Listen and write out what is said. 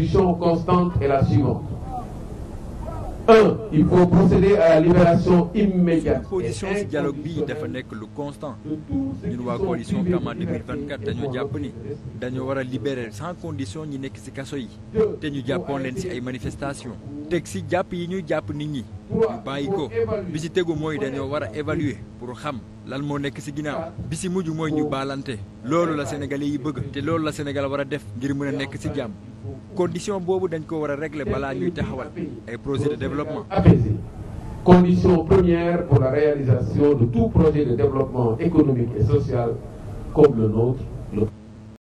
discussion constante est la suivante. un il faut position si dialogue bi dafa nekk lu constant ñun waa coalition Kama dañoo jàpp ni dañoo wara a libérer sans condition ñi nekk ci kaso yi te ñu jàppoon leen ci ay manifestations. teg ci jàpp yi ñuy jàpp nit ñi ñu bàyyi ko bi ci tegu mooy dañoo war a évaluer pour xam lan moo nekk ci ginnaaw bi ci mujj mooy ñu baalante loolu la sénégalais yi bëgg te loolu la Sénégal war a def ngir mën a nekk ci jàmm. condition boobu dañ ko war a régler balaa ñuy taxawal ay projets de développement apaisé condition première pour la réalisation de tout projet de développement économique et social comme le nôtre